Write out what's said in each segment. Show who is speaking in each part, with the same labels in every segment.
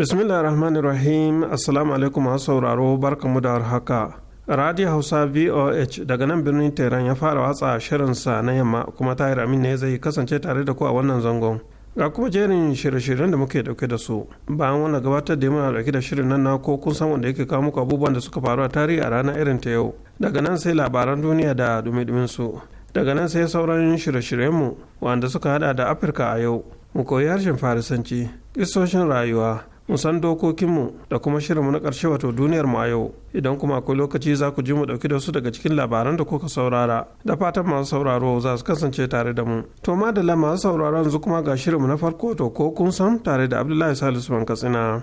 Speaker 1: bismillah rahmanir rahim assalamu alaikum masu sauraro barkamu da haka radio hausa voh daga nan birnin tehran ya fara watsa shirinsa na yamma kuma tahir amin ne zai kasance tare da ku a wannan zangon ga kuma jerin shirye-shiryen da muke dauke da su bayan wanda gabatar da muna dauke da shirin nan na ko kun san wanda yake kawo muku abubuwan da suka faru a tarihi a ranar irin ta yau daga nan sai labaran duniya da dumi su daga nan sai sauran shirye-shiryenmu wanda suka hada da afirka a yau mu koyi harshen farisanci kisoshin rayuwa mu san dokokinmu da kuma shirinmu na ƙarshe wato duniyar mu a yau idan kuma akwai lokaci za ku ji mu ɗauki da su daga cikin labaran da kuka saurara da fatan masu sauraro za su kasance tare da mu to ma da masu sauraro yanzu kuma ga shirinmu na farko to ko kun san tare da abdullahi salisu ban katsina.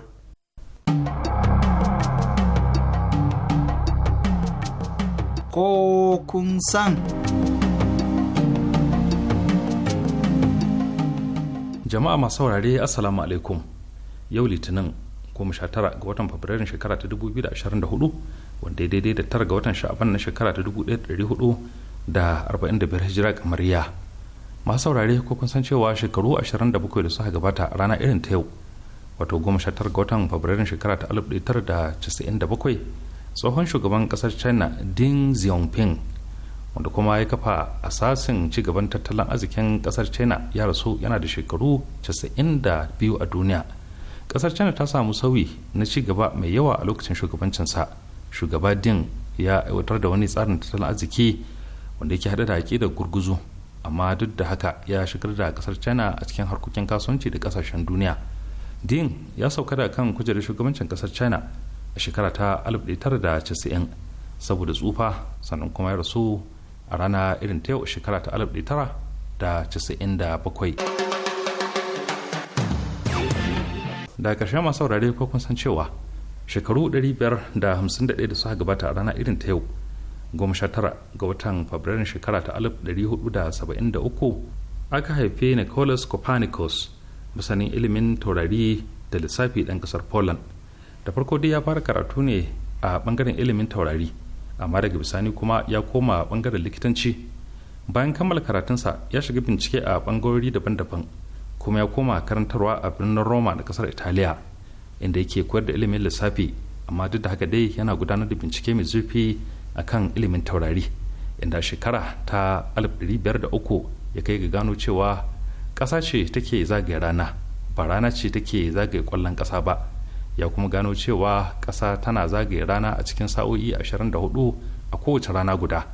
Speaker 2: ko kun
Speaker 3: san.
Speaker 4: Jama'a masu saurare Assalamu alaikum. yau litinin tara ga watan fabrairun shekara ta dubu biyu da ashirin hudu wanda ya daidai da tara ga watan sha'aban na shekara ta dubu da da da hudu arba'in biyar hijira ga kamariya masu saurare ko kun san cewa shekaru ashirin da bakwai da suka gabata a rana irin ta yau wato tara ga watan fabrairun shekara ta alif da da casa'in bakwai tsohon shugaban kasar china ding xiaoping wanda kuma ya kafa asasin ci gaban tattalin arzikin kasar china ya rasu yana da shekaru biyu a duniya kasar china ta samu sauyi na ci gaba mai yawa a lokacin shugabancinsa shugaba din ya aiwatar da wani tsarin tattalin arziki wanda yake hada da da gurguzu amma duk da haka ya shigar da kasar china a cikin harkokin kasuwanci da kasashen duniya din ya sauka da kan kujerar shugabancin kasar china a shekara ta 1990 saboda tsufa sannan kuma ya rasu a rana irin ta yau shekara ta 1997 da ƙarshe masu saurare ko kun san cewa shekaru 551 da suka gabata a rana irin ta yau goma sha tara ga watan fabrairun shekara ta 1473 aka haife nicholas copernicus masanin ilimin taurari da lissafi ɗan ƙasar poland da farko dai ya fara karatu ne a ɓangaren ilimin taurari amma daga bisani kuma ya koma ɓangaren likitanci bayan kammala karatunsa ya shiga bincike a ɓangarori daban-daban kuma ya koma karantarwa a birnin roma da kasar italiya inda yake koyar da ilimin lissafi amma duk da haka dai yana gudanar da bincike mai zurfi akan ilimin taurari inda shekara ta uku ya kai ga gano cewa ƙasa ce take zagaya rana ba rana ce take zagaye ƙwallon ƙasa ba ya kuma gano cewa ƙasa tana zagaya rana a cikin sa'o'i 24 a kowace rana guda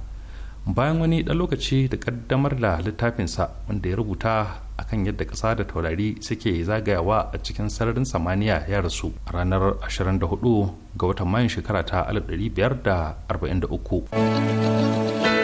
Speaker 4: bayan wani ɗan lokaci da ƙaddamar da littafinsa wanda ya rubuta akan yadda ƙasa da taurari suke zagayawa a cikin sararin samaniya ya rasu a ranar 24 ga watan mayun shekara ta 1543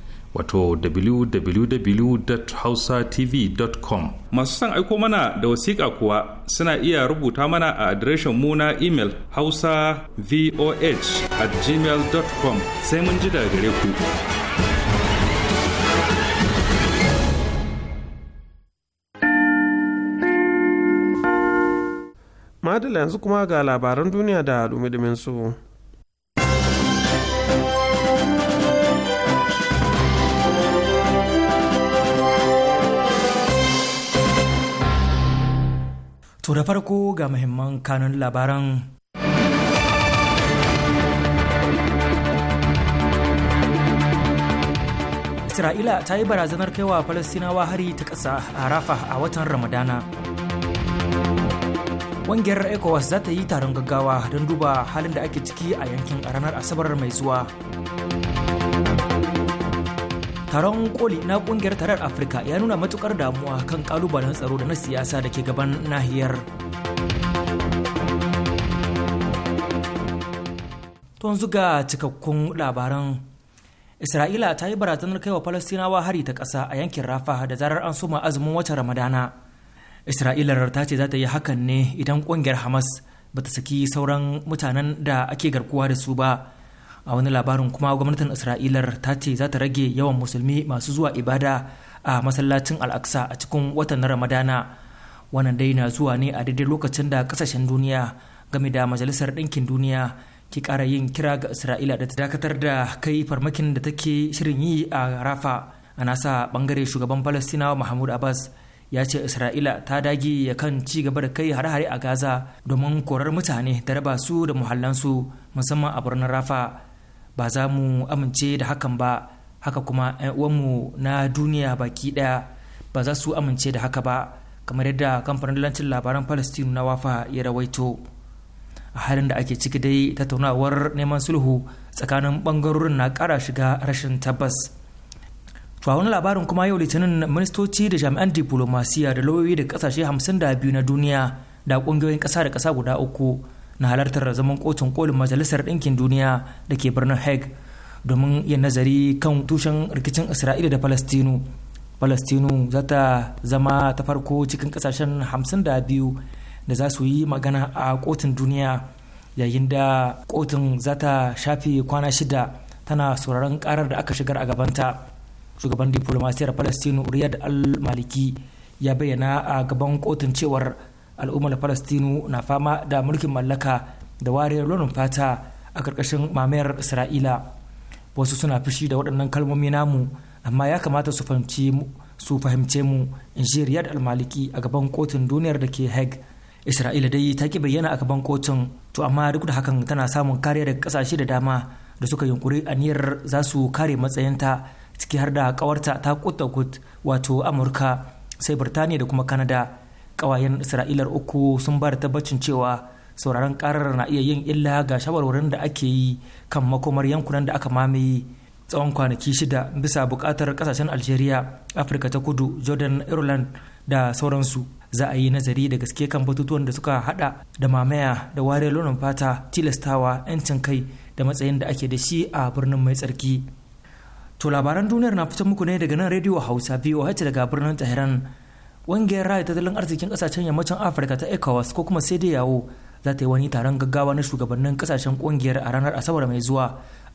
Speaker 4: wato www.hausatv.com masu son aiko mana da wasiƙa kuwa suna iya rubuta mana a adireshin mu na imel hausa voh at gmail.com sai mun ji daga gare ku
Speaker 1: madala yanzu kuma ga labaran duniya da dumi su.
Speaker 5: To da farko ga muhimman kanun labaran. Isra'ila ta yi barazanar kaiwa Falastinawa hari ta ƙasa a Rafa a watan Ramadana. Ƙungiyar ECOWAS za ta yi taron gaggawa don duba halin da ake ciki a yankin a ranar Asabar mai zuwa. taron koli na kungiyar tarar afirka ya nuna matukar damuwa kan kalubalen tsaro da na siyasa da ke gaban nahiyar tun zuga cikakkun labaran isra'ila ta yi barazanar kaiwa falastinawa hari ta ƙasa a yankin rafa da zarar an soma azumin watan ramadana isra'ilar ta ce za ta yi hakan ne idan kungiyar hamas ba ta saki sauran mutanen da ake garkuwa da su ba a wani labarin kuma gwamnatin isra'ilar ta ce za ta rage yawan musulmi masu zuwa ibada a masallacin al'aqsa a cikin watan na ramadana wannan dai na zuwa ne a daidai lokacin da kasashen duniya game da majalisar ɗinkin duniya ke ƙara yin kira ga isra'ila da ta dakatar da kai farmakin da take shirin yi a rafa a nasa bangare shugaban palestinawa mahmud abbas ya ce isra'ila ta dage ya kan ci gaba da kai hare-hare a gaza domin korar mutane da raba su da muhallansu musamman a birnin rafa ba za mu amince da hakan ba haka kuma 'yan uwanmu na duniya baki daya ba za su amince da haka ba kamar yadda kamfanin lancin labaran palestinu na wafa ya rawaito a halin da ake ciki dai tattaunawar neman sulhu tsakanin bangarorin na kara shiga rashin tabbas to wani labarin kuma yau litinin ministoci da jami'an diplomasiya da lauyoyi da kasashe 52 na duniya da ƙungiyoyin kasa da kasa guda uku na halartar zaman kotun kolin majalisar ɗinkin duniya da ke birnin hague domin yin nazari kan tushen rikicin isra'ila da falastinu falastinu za ta zama ta farko cikin kasashen hamsin da biyu za su yi magana a kotun duniya yayin da kotun za ta shafe kwana shida tana sauraron karar da aka shigar a gabanta shugaban diplomasiyar falastinu riyad al-maliki ya bayyana a gaban kotun cewar al'ummar falastinu na fama da mulkin mallaka da wariyar launin fata a ƙarƙashin mamayar isra'ila wasu suna fushi da waɗannan kalmomi namu amma ya kamata su fahimci fahimce mu in ji riyad almaliki a gaban kotun duniyar da ke hague isra'ila dai ta ki bayyana a gaban kotun to amma duk da hakan tana samun kariya daga kasashe da dama da suka yunkuri aniyar za su kare matsayinta ciki har da kawarta ta kut wato amurka sai birtaniya da kuma kanada kawayen isra'ilar uku sun ba da tabbacin cewa sauraron karar na iya yin illa ga shawarwarin da ake yi kan makomar yankunan da aka mamaye tsawon kwanaki shida bisa bukatar kasashen algeria afirka ta kudu jordan ireland da sauransu za a yi nazari da gaske kan batutuwan da suka hada da mamaya da ware launin fata tilastawa 'yancin kai da matsayin da ake da shi a birnin mai tsarki to labaran duniyar na fitan muku ne daga nan rediyo hausa voh daga birnin tehran kungiyar raya tattalin arzikin kasashen yammacin afirka ta ecowas ko kuma sai dai yawo za ta yi wani taron gaggawa na shugabannin kasashen kungiyar a ranar asabar mai zuwa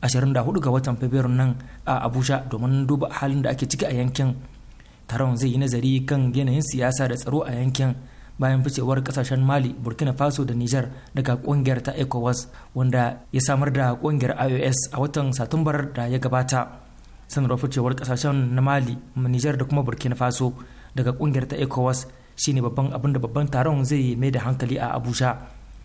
Speaker 5: 24 ga watan fabrairu nan a abuja domin duba halin da ake ciki a yankin taron zai yi nazari kan yanayin siyasa da tsaro a yankin bayan ficewar kasashen mali burkina faso da niger daga kungiyar ta ecowas wanda ya samar da kungiyar ios a watan satumbar da ya gabata sanarwar ficewar kasashen na mali niger da kuma burkina faso daga kungiyar ta ecowas shine babban abin da babban taron zai yi mai da hankali a abuja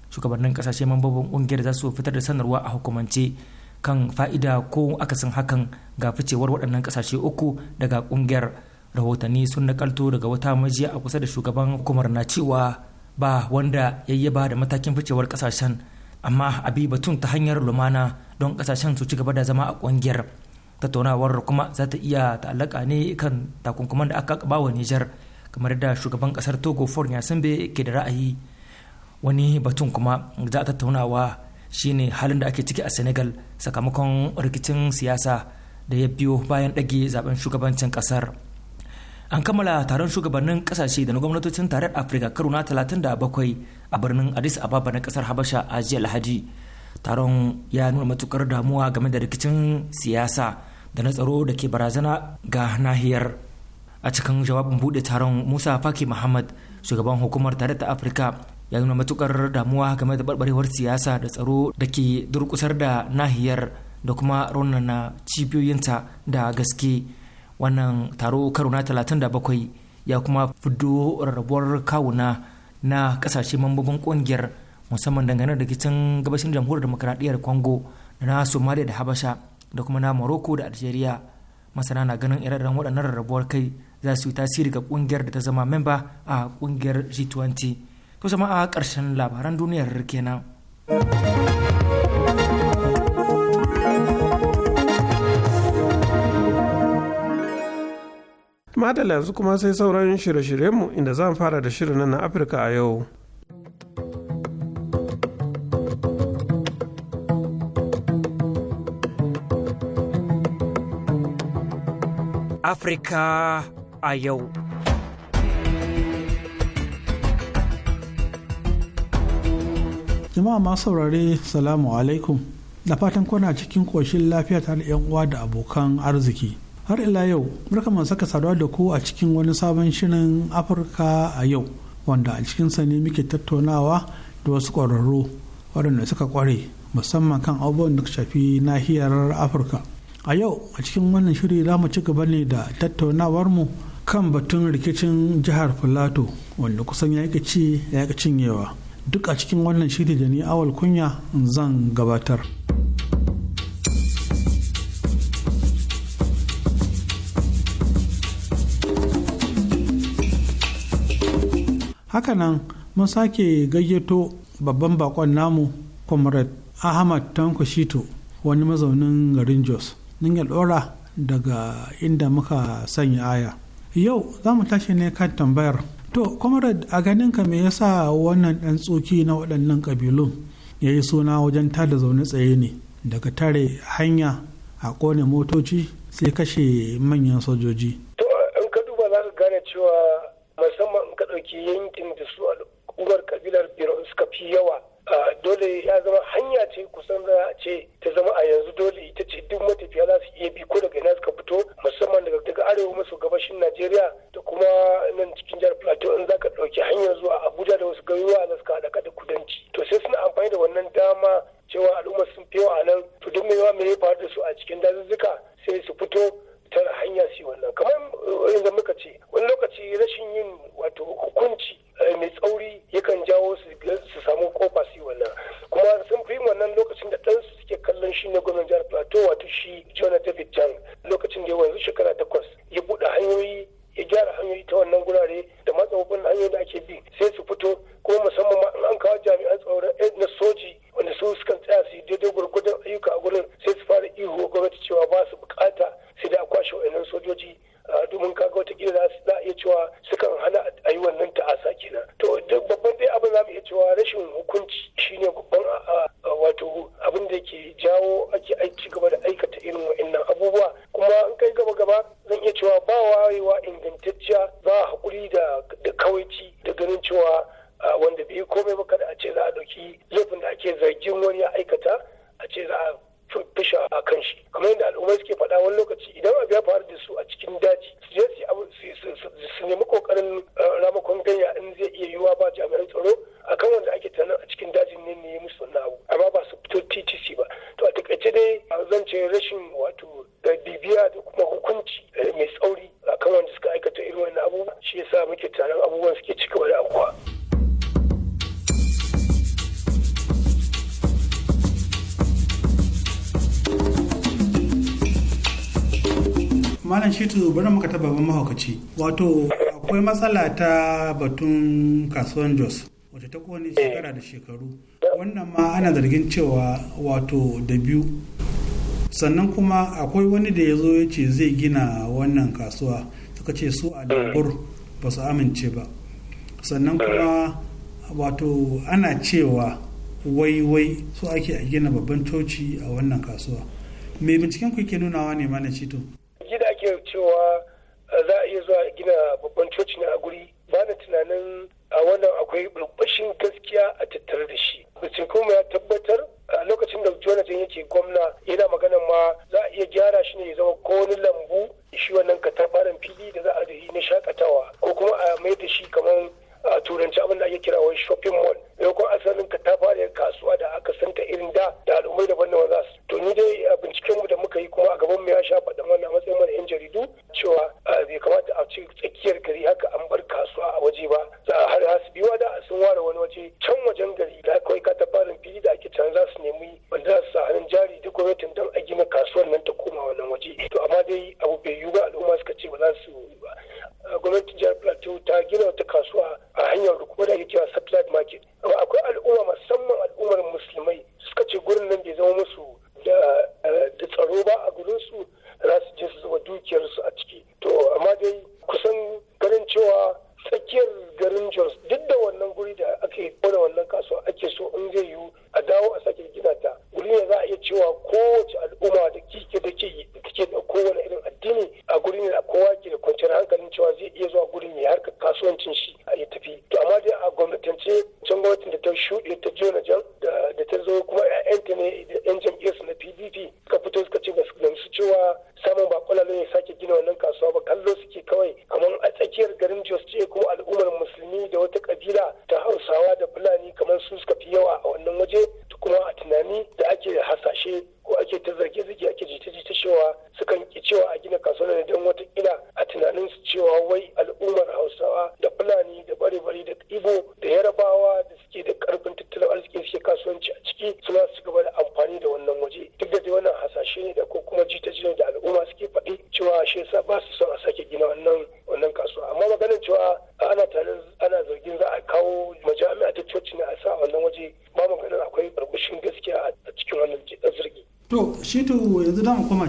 Speaker 5: shugabannin kasashe mambobin kungiyar za su fitar da sanarwa a hukumance kan fa'ida ko akasin hakan ga ficewar waɗannan kasashe uku daga kungiyar rahotanni sun nakalto daga wata majiya a kusa da shugaban hukumar na cewa ba wanda ba da matakin ficewar kasashen amma abi batun ta hanyar lumana don kasashen su ci gaba da zama a kungiyar tattaunawar kuma za ta iya ta'allaka ne kan takunkuman da aka bawa nijar kamar da shugaban kasar togo ford yasimbe ke da ra'ayi wani batun kuma za a tattaunawa shine halin da ake ciki a senegal sakamakon rikicin siyasa da ya biyo bayan ɗage zaben shugabancin kasar an kammala taron shugabannin kasashe da na gwamnatocin tarayyar afirka karo na 37 a birnin addis ababa na kasar habasha a jiya lahadi taron ya nuna matukar damuwa game da rikicin siyasa da na tsaro da ke barazana ga nahiyar a cikin jawabin bude taron musa faki muhammad shugaban hukumar tare ta afirka ya nuna matukar damuwa game da barbarewar siyasa da tsaro da ke durkusar da nahiyar da kuma raunana cibiyoyinta da gaske wannan taro karo na 37 ya kuma fido rarrabuwar kawuna na kasashe mambobin kungiyar musamman dangane da rikicin gabashin jamhuriyar demokradiyyar congo da na somalia da habasha da kuma na morocco da algeria masana na ganin ire waɗannan rarrabuwar kai za su yi tasiri ga ƙungiyar da ta zama memba a ƙungiyar g20 to a ƙarshen labaran duniyar kenan
Speaker 1: madalla yanzu kuma sai sauran shirye-shiryenmu inda zan fara da shirin na afirka a yau
Speaker 5: Afirka a yau.
Speaker 2: Jama'a masu saurare salamu alaikum da fatan kuna cikin koshin lafiya tare da uwa da abokan arziki. Har ila yau, barkamu saka saduwa da ku a cikin wani sabon shirin Afirka a yau wanda a cikinsa ne muke tattaunawa da wasu ƙwararru waɗanda suka ƙware musamman kan abubuwan da shafi nahiyar Afirka. a yau a cikin wannan shiri za mu ci gaba ne da tattaunawar mu kan batun rikicin jihar filato wanda kusan ya ci ya cinyewa duk a cikin wannan shiri da ni awal kunya zan gabatar hakanan mun sake gayyato babban bakon namu comrade ahmad tankoshito wani mazaunin garin jos don ya ɗora daga inda muka sanya aya yau za mu tashi ne kan tambayar to comrade a ganinka me yasa wannan ɗan tsoki na waɗannan ƙabilun ya yi suna wajen tada zaune tsaye ne daga tare hanya a kone motoci sai kashe manyan sojoji. To in ka duba za ka gane cewa musamman
Speaker 6: in ka ɗauki yankin da su al'ummar kabilar Biro suka fi yawa dole ya zama hanya ce kusan za ce ta zama a yanzu dole ita ce duk matafiya za su iya bi ko daga ina suka fito musamman daga daga arewa maso gabashin najeriya da kuma nan cikin jihar plateau in za ka ɗauki hanyar zuwa abuja da wasu garuruwa na suka haɗa da kudanci to sai suna amfani da wannan dama cewa al'umma sun fi a nan to duk mai yawa mai ya faru da su a cikin dazuzzuka sai su fito tara hanya su yi wannan kamar yanzu muka ce wani lokaci rashin yin wato hukunci Eh, mai tsauri yakan jawo su samu kofa su wannan kuma sun fi wannan lokacin da ɗansu suke kallon shi na gwamnan jihar plateau wato shi jona david chang lokacin da ya wanzu shekara takwas ya buɗe hanyoyi ya gyara hanyoyi ta wannan gurare da matsawafin hanyoyi da ake bi sai su fito kuma musamman ma in an kawo jami'an tsaron eh, na soji wanda su sukan tsaya su yi daidai gwargwadon ayyuka a gurin sai su fara ihu gwamnati cewa ba su bukata sai da a kwashe wa'annan sojoji domin kaga wataƙila za a iya cewa sukan hana a yi wannan ta'asa kenan to duk babban dai abin za mu iya cewa rashin hukunci shine babban wato abin da ke jawo ake aiki gaba da
Speaker 2: wato akwai matsala ta batun kasuwan jos wata ta kone shekara da shekaru wannan ma ana zargin cewa wato da biyu sannan kuma akwai wani da ya zo ya ce zai gina wannan kasuwa suka ce su a dabur ba su amince ba sannan kuma wato ana cewa waiwai su ake a gina babban coci a wannan kasuwa mai binciken ku ke nunawa ne mana cito
Speaker 6: 것이 정무정들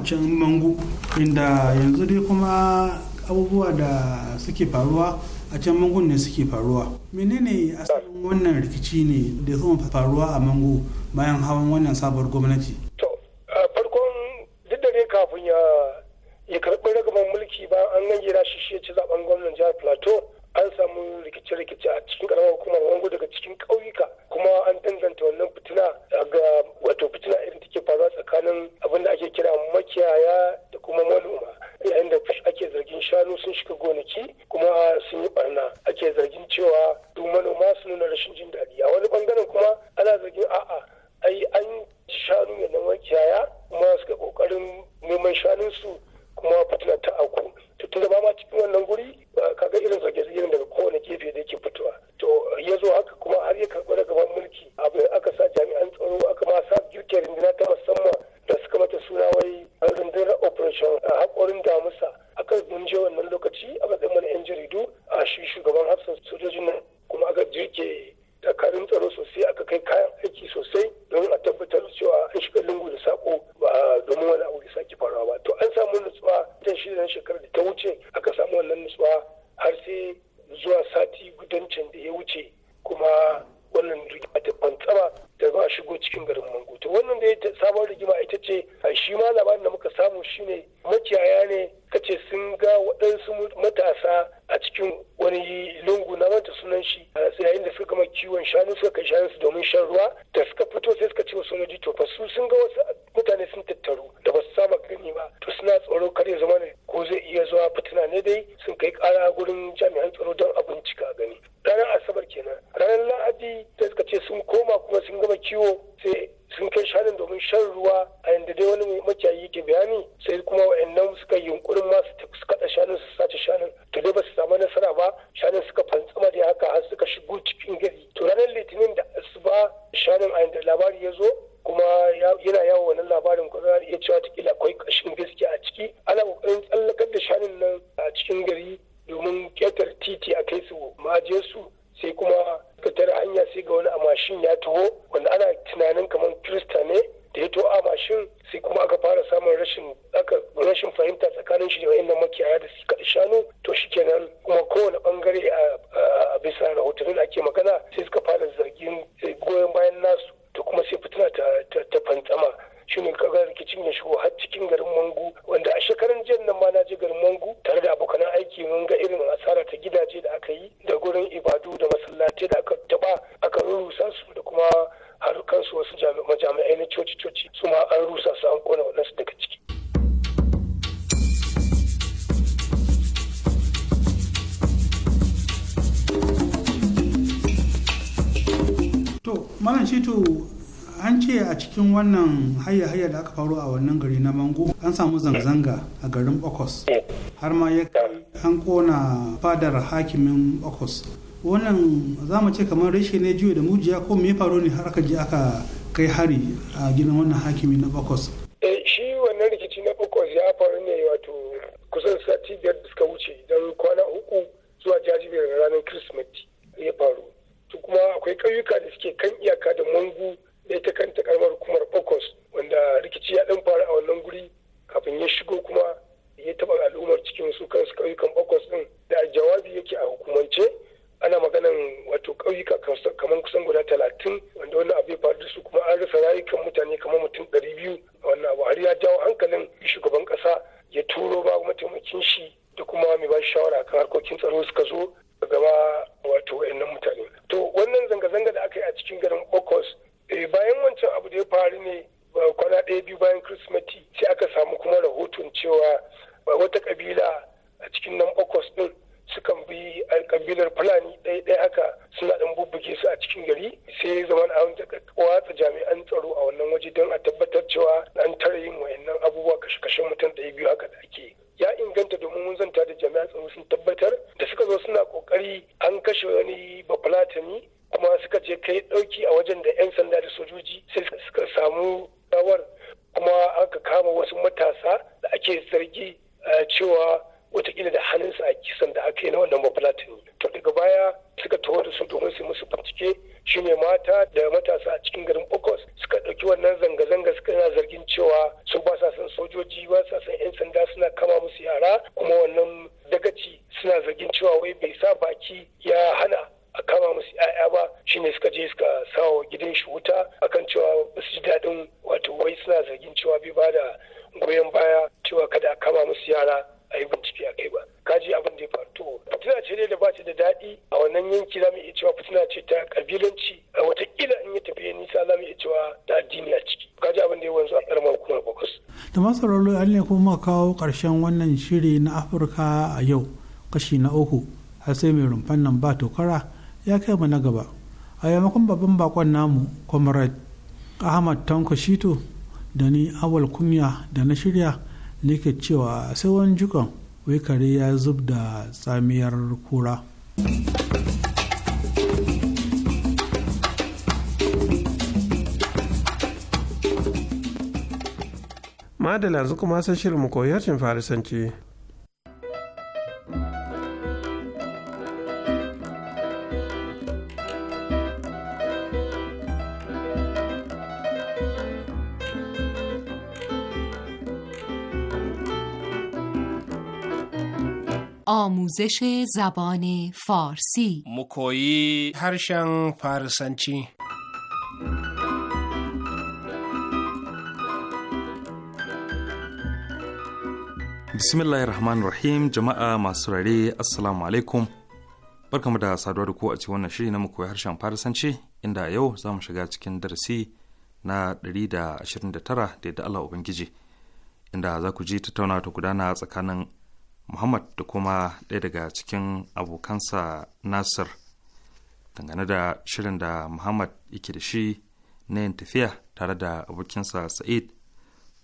Speaker 2: can mangu inda yanzu dai kuma abubuwa da suke faruwa a can mangun ne suke faruwa menene asalin wannan rikici ne da kuma faruwa a mangu bayan hawan wannan sabuwar gwamnati to
Speaker 6: farkon duk da dai kafin ya karɓi ragaban mulki ba an gangira shi shi ya ci zaben gwamnan jihar plateau an samu rikice-rikice a cikin karamar hukumar wango daga cikin ƙauyuka kuma an danzanta wannan fitina ga wato fitina irin take faruwa tsakanin abin da ake kira makiyaya da kuma manoma yayin da ake zargin shanu sun shiga gonaki kuma sun yi barna ake zargin cewa duk manoma sun nuna rashin jin daɗi a wani bangaren kuma ana zargin a'a ai an shanu ne na makiyaya kuma suka ƙoƙarin neman shanunsu kuma fitilar ta auku to da ba ma cikin wannan guri kaga irin zage irin daga kowane gefe da yake fitowa to ya zo haka kuma har ya karɓi da gaban mulki abu aka sa jami'an tsaro aka ma sa girke rindina ta musamman da suka mata suna wai rindinar operation a haƙorin damusa aka gunje wannan lokaci a matsayin mana 'yan jaridu a shi shugaban hafsan sojojin nan kuma aka jirke dakarun tsaro sosai aka kai kayan aiki sosai don a tabbatar cewa an shiga lungu da sako ba domin wani abu ya sake faruwa ba to an samu nutsuwa ta shi na shekarar da ta wuce aka samu wannan nutsuwa har sai zuwa sati gudancin da ya wuce kuma wannan rigima kwantsama. da za a shigo cikin garin mangu to wannan da ya sabon rigima ita ce shi ma labarin da muka samu shine makiyaya ne ce sun ga waɗansu matasa a cikin wani lungu na manta sunan shi yayin da suka gama kiwon shanu suka kai su domin shan ruwa da suka fito sai suka ce wasu sojoji to fa su sun ga wasu mutane sun tattaru da ba su saba gani ba to suna tsoro kar ya zama ne ko zai iya zuwa fitina ne dai sun kai kara gurin jami'an tsaro don a bincika gani ranar asabar kenan ranar lahadi da suka ce sun koma kuma sun gama gama kiwo sai sun kai shanun domin shan ruwa a yadda dai wani makiyayi yake bayani sai kuma wa'annan suka yunkurin ma su kada shanun su sace shanun to dai ba su samu nasara ba shanun suka fantsama da haka har suka
Speaker 2: wannan hayya-hayya da aka faru a wannan gari na mango an samu zanga-zanga a garin okos har ma ya an kona fadar hakimin okos wannan za mu ce kamar reshe ne juya da mujiya ko me faru ne har aka je aka kai hari a gidan wannan hakimi na okos kawo ƙarshen wannan shiri na afirka a yau kashi na uku har sai mai rumfan nan ba tokara ya kai mu na gaba a yamakon babban bakon namu comrade ahmad tanko shito da ni awal kunya da na shirya ne nake cewa sai wani jikon wai kare ya zub da tsamiyar kura.
Speaker 1: ma da yanzu kuma san shirin mu koyi harshen farisanci
Speaker 7: آموزش
Speaker 6: زبان فارسی مکویی هرشن فارسنچی
Speaker 4: bismillahir rahmanir rahim jama'a masu rare assalamu alaikum barkamu da saduwa da ku a cikin wannan shiri na koyi harshen farisanci inda yau za mu shiga cikin darasi na 129 da yadda Allah Ubangiji inda za ku ji tattauna ta gudana tsakanin Muhammad da kuma ɗaya daga cikin abokansa Nasir dangane da shirin da Muhammad yake da shi na yin tafiya tare da abokinsa Sa'id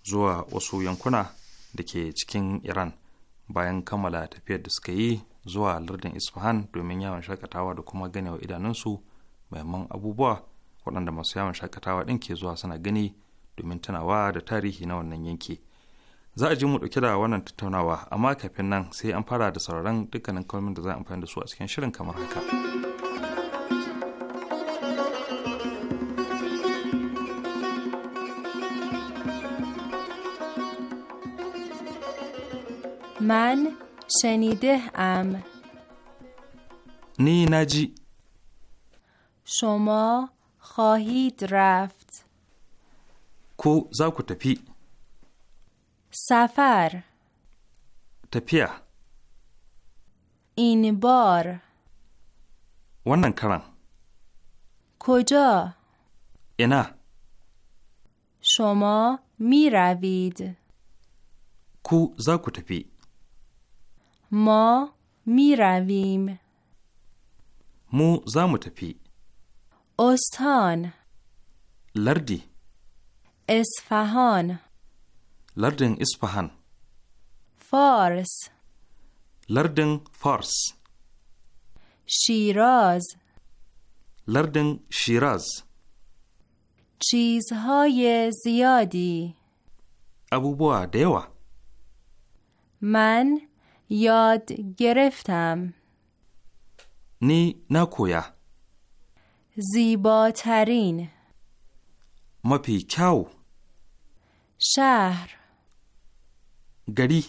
Speaker 4: zuwa wasu yankuna da ke cikin iran bayan kammala tafiyar da suka yi zuwa lardin isfahan domin yawon shakatawa da kuma ganewa idanunsu mahimman abubuwa waɗanda masu yawon shakatawa ɗin ke zuwa suna gani domin tunawa da tarihi na wannan yanki za a ji mu ɗauke da wannan tattaunawa amma kafin nan sai an fara da sauraron dukkanin kalmomin da za a amfani da su a cikin shirin kamar
Speaker 3: haka.
Speaker 7: من شنیده ام
Speaker 4: نی نجی
Speaker 7: شما خواهید رفت
Speaker 4: کو زاکو تپی
Speaker 7: سفر تپیا. این بار ونن کرن کجا اینا شما می روید
Speaker 4: کو زاکو تپی
Speaker 7: ما می رویم
Speaker 4: مو زامو
Speaker 7: استان لردی اسفهان.
Speaker 4: لردن اسفهان.
Speaker 7: فارس
Speaker 4: لردن فارس
Speaker 7: شیراز
Speaker 4: لردن شیراز
Speaker 7: چیزهای زیادی
Speaker 4: ابو دیوه.
Speaker 7: من یاد گرفتم
Speaker 4: نی نکویا
Speaker 7: زیباترین
Speaker 4: مپی کاو
Speaker 7: شهر گری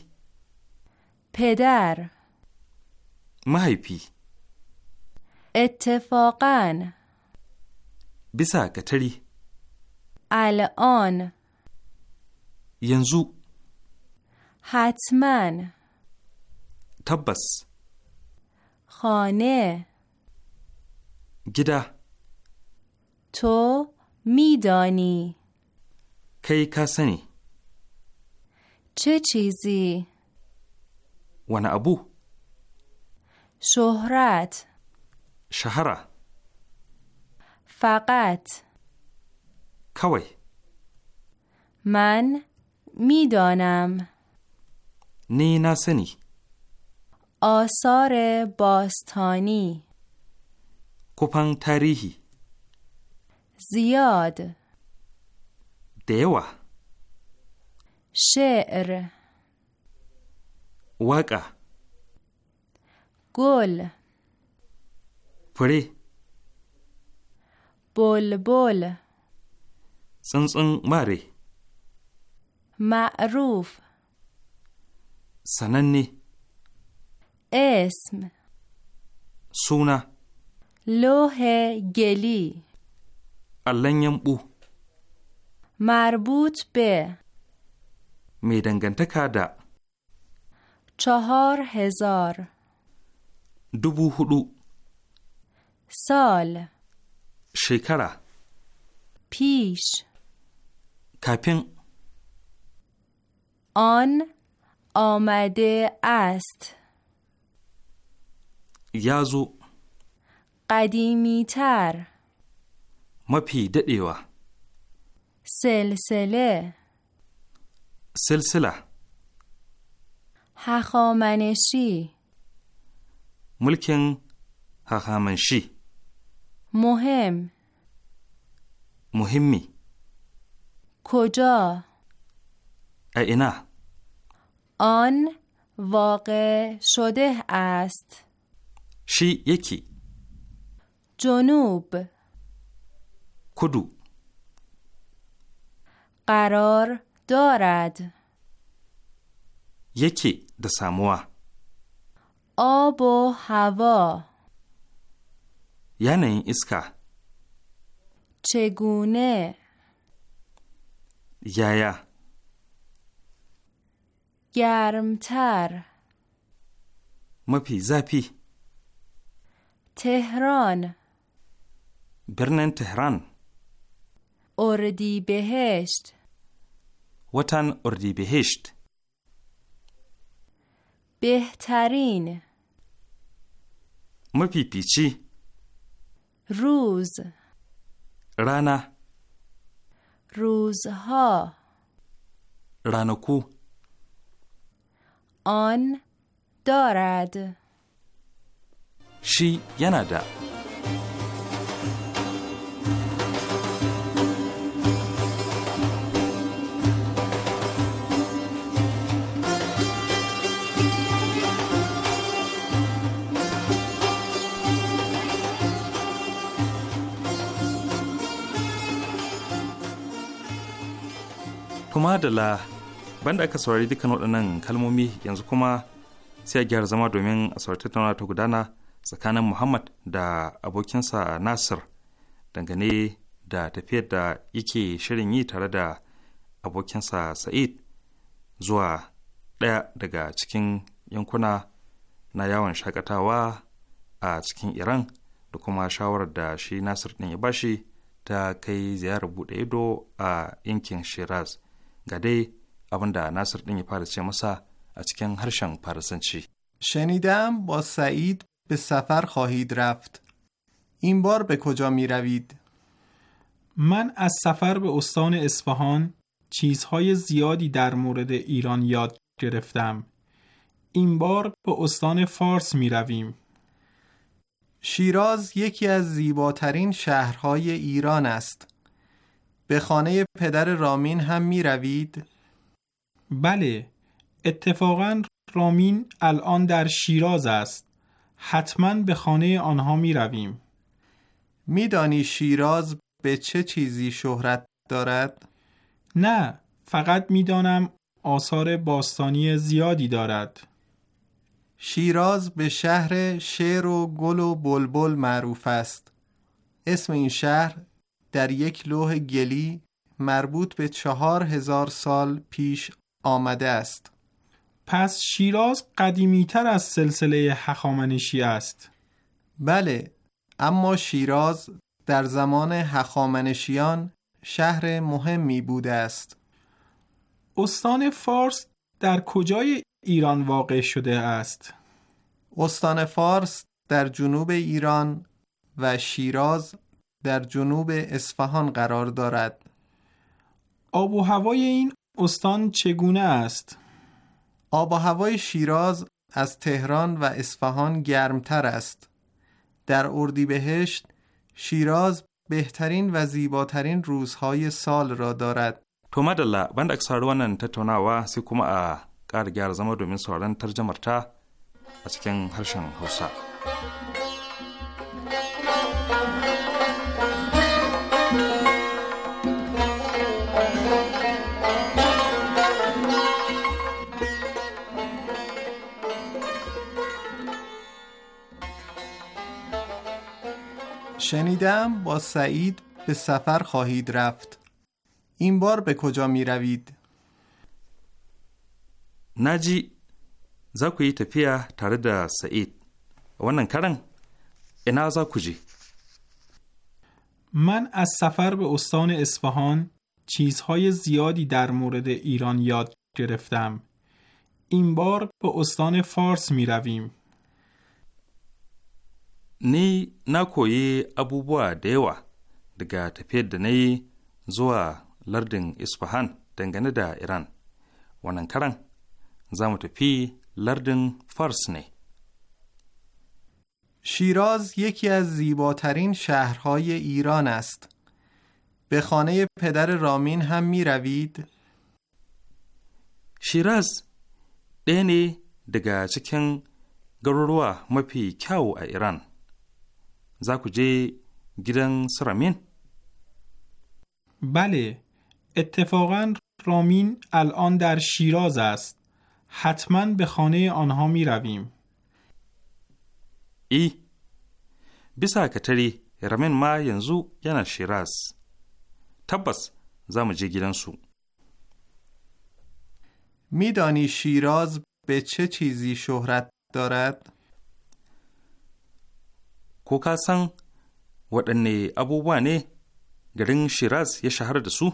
Speaker 7: پدر مهیپی اتفاقاً bisa الان tare.
Speaker 4: ینزو تبس
Speaker 7: خانه گده تو میدانی
Speaker 4: کی کسنی
Speaker 7: چه چیزی ون ابو شهرت شهره فقط کوی من میدانم
Speaker 4: نی نسنی
Speaker 7: آثار باستانی
Speaker 4: کوپنگ تاریخی
Speaker 7: زیاد دیوه شعر وقع گل پری بول
Speaker 4: سنسن ماری
Speaker 7: معروف
Speaker 4: سننی
Speaker 7: اسم سونا لوه گلی
Speaker 4: اللنیم او
Speaker 7: مربوط به
Speaker 4: میدنگن تکادا
Speaker 7: چهار هزار
Speaker 4: دوبو هدو
Speaker 7: سال شکره پیش کپین آن آمده است یازو قدیمی تر مپی سلسله سلسله هخامنشی
Speaker 4: ملکن هخامنشی
Speaker 7: مهم مهمی کجا اینا آن واقع شده است
Speaker 4: شی یکی
Speaker 7: جنوب کدو قرار دارد
Speaker 4: یکی دساموه
Speaker 7: آب و هوا
Speaker 4: یعنی اسکا
Speaker 7: چگونه یایا گرمتر
Speaker 4: مپی زپی
Speaker 7: تهران
Speaker 4: برنن تهران
Speaker 7: اردی بهشت
Speaker 4: وطن اردی بهشت
Speaker 7: بهترین
Speaker 4: مپی پیچی
Speaker 7: روز رانا روزها رانوکو آن دارد
Speaker 4: shi yana da kuma da la banda aka saurari dukkan waɗannan kalmomi yanzu kuma sai a gyara zama domin a saurari tattauna ta gudana tsakanin muhammad da abokinsa nasir dangane da tafiyar da yake shirin yi tare da abokinsa sa'id zuwa ɗaya daga cikin yankuna na yawon shakatawa a cikin iran da kuma shawarar da shi nasir ɗin ya bashi ta kai ziyarar buɗe ido a yankin shiraz ga dai abin da nasir ɗin
Speaker 8: ya fara ce masa a cikin harshen farisanci. شنیدم ba Sa'id به سفر خواهید رفت این بار به کجا می روید؟
Speaker 9: من از سفر به استان اصفهان چیزهای زیادی در مورد ایران یاد گرفتم این بار به استان فارس می رویم
Speaker 8: شیراز یکی از زیباترین شهرهای ایران است به خانه پدر رامین هم می روید؟ بله
Speaker 9: اتفاقا رامین الان در شیراز است حتما
Speaker 8: به خانه آنها می رویم. میدانی شیراز به چه چیزی شهرت دارد؟
Speaker 9: نه، فقط میدانم آثار
Speaker 8: باستانی زیادی دارد. شیراز به شهر شعر و گل و بلبل معروف است. اسم این شهر در یک لوح گلی مربوط به چهار هزار سال پیش آمده است.
Speaker 9: پس شیراز قدیمیتر از سلسله هخامنشی است
Speaker 8: بله اما شیراز در زمان هخامنشیان شهر مهمی بوده است استان فارس در کجای ایران واقع شده است استان فارس در جنوب ایران و شیراز در جنوب اصفهان قرار دارد آب و هوای این استان چگونه است آب و هوای شیراز از تهران و اصفهان گرمتر است. در اردیبهشت شیراز بهترین و زیباترین روزهای سال را دارد. تو مدله، بند اکسار و ننتتونا و سکوم
Speaker 4: آ کارگر زمان دومین سوالن ترجمه تا از کن هرشن حوصا.
Speaker 8: شنیدم با سعید به سفر خواهید رفت این بار به کجا می روید؟
Speaker 4: نجی زاکوی ku yi سعید. tare da Sa'id. A
Speaker 9: من از سفر به استان اصفهان چیزهای زیادی در مورد ایران یاد گرفتم. این بار به استان فارس می رویم.
Speaker 4: Ni na koyi abubuwa da yawa daga tafiyar da na yi zuwa lardin Isfahan dangane da Iran. Wannan karan za mu tafi lardin Fars ne.
Speaker 8: شیراز یکی از زیباترین شهرهای ایران است. به خانه پدر رامین هم می روید؟ شیراز دینی دگه چکن گروروا مپی کهو
Speaker 4: ایران. za ku je gidan رامین
Speaker 9: بله اتفاقا رامین الان در شیراز است حتما به خانه آنها می رویم
Speaker 4: ای بیسا کتری رامین ما ینزو یعنی شیراز
Speaker 8: تبس زم جه گیرن سو میدانی شیراز به چه چیزی شهرت دارد؟ ko ka san waɗanne abubuwa ne garin
Speaker 4: Shiraz ya شیراز یه شهر دسو؟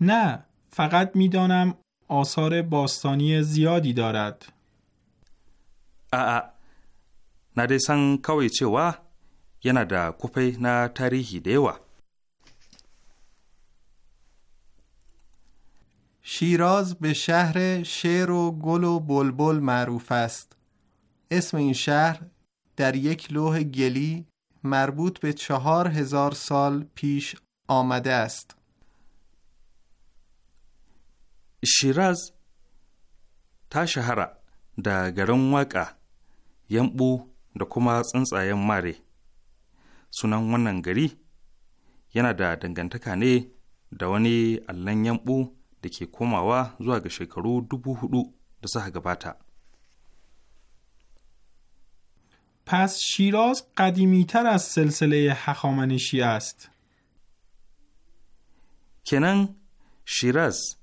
Speaker 9: نه فقط میدانم آثار باستانی زیادی دارد آ
Speaker 4: na dai san kawai cewa yana da kufai na tarihi da
Speaker 8: yawa. شیراز به شهر شعر و گل و بلبل معروف است. اسم این شهر در یک لوح گلی مربوط به چهار هزار سال پیش آمده است شیراز ta shahara
Speaker 4: da garin waƙa yambu da kuma tsuntsayen mare sunan wannan gari yana da dangantaka ne da wani allon yambu da ke komawa zuwa ga shekaru dubu hudu da suka gabata
Speaker 9: پس شیراز قدیمی تر از سلسله هخامنشی است. کنن شیراز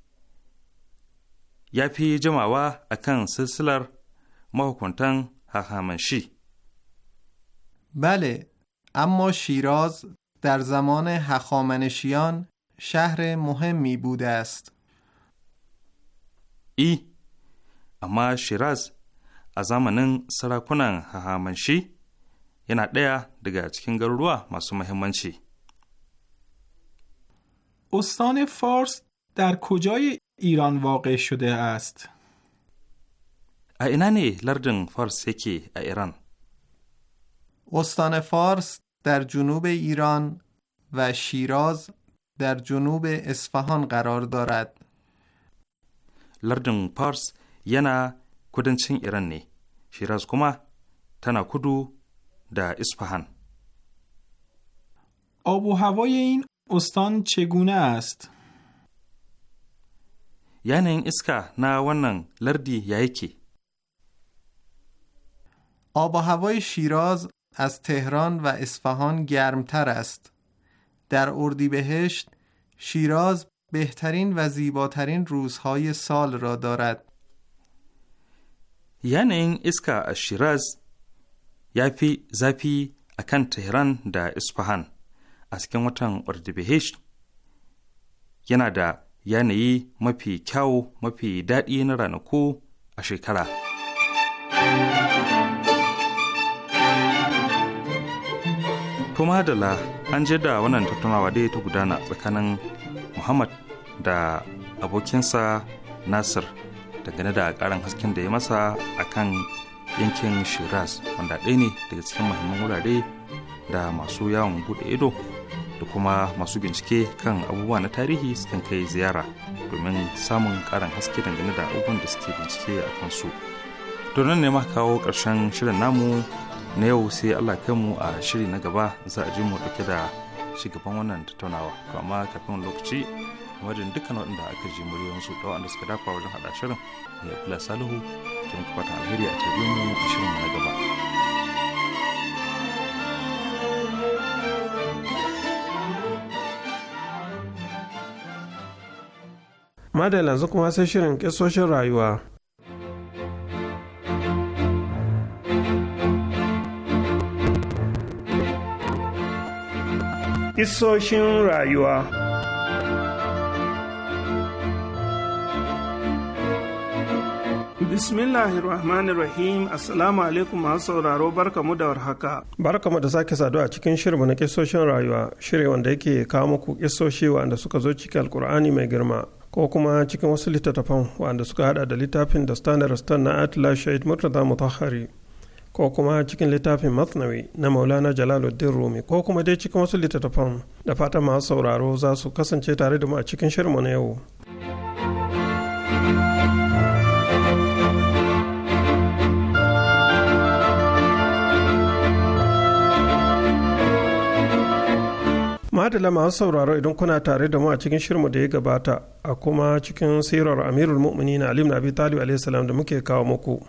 Speaker 4: یا پی جمعوا اکن سلسلر محکنتن هخامنشی
Speaker 8: بله اما شیراز در زمان هخامنشیان شهر مهمی بوده است.
Speaker 4: ای اما شیراز a zamanin sarakunan hahamanshi yana ɗaya daga cikin garuruwa masu muhimmanci.
Speaker 9: استان فارس در کجای ایران واقع شده است؟ اینانی لردن فارس یکی
Speaker 8: ایران استان فارس در جنوب ایران و شیراز در جنوب اصفهان قرار دارد
Speaker 4: لردن فارس ینا kudancin Iran ne, Shiraz kuma tana kudu آب و هوای این استان چگونه است؟ یعنی این اسکا نه ونن لردی یایکی
Speaker 8: آب و هوای شیراز از تهران و اصفهان گرمتر است. در بهشت، شیراز بهترین و زیباترین روزهای سال را دارد. yanayin iska a Shiraz
Speaker 4: ya fi zafi a kan Tehran da Isfahan a cikin watan Ordibihesh yana da yanayi mafi kyau mafi daɗi na ranaku a shekara. Tumadala an je da wannan tattaunawa dai ta gudana tsakanin Muhammad da abokinsa Nasir dangane da karin hasken da ya masa a kan yankin shiraz wanda ɗaya ne daga cikin mahimman wurare da masu yawon bude ido da kuma masu bincike kan abubuwa na tarihi sukan kai ziyara domin samun karin haske dangane da abubuwan da suke bincike a kansu to nan ne ma kawo ƙarshen shirin namu na yau sai allah kai mu a shiri na gaba za a ji mu ɗauke da shigaban wannan tattaunawa to amma kafin lokaci wajen dukkan waɗanda aka ji muryoyinsu da suka dafa wajen haɗa shirin ne abdullahi salihu tun muku fatan alheri a tabi mu a shirin na gaba.
Speaker 1: madalla yanzu kuma sai shirin kisoshin rayuwa. Kisoshin rayuwa rahim Assalamu alaikum masu sauraro barkamu da warhaka. Barkamu da sake saduwa a cikin shirin na kisoshin rayuwa, shirin wanda yake kawo muku kisoshi wanda suka zo cikin Alkur'ani mai girma. ko kuma cikin wasu littattafan wanda suka hada da littafin da standard stan na atla shahid murtaza mutahari ko kuma cikin littafin masnawi na maulana jalaluddin rumi ko kuma dai cikin wasu littattafan da fatan masu sauraro za su kasance tare da mu a cikin mu na yau. adala masu sauraro idan kuna tare da mu a cikin shirmu da ya gabata a kuma cikin sirar amirul mu'mini na alim nabi talib da muke kawo muku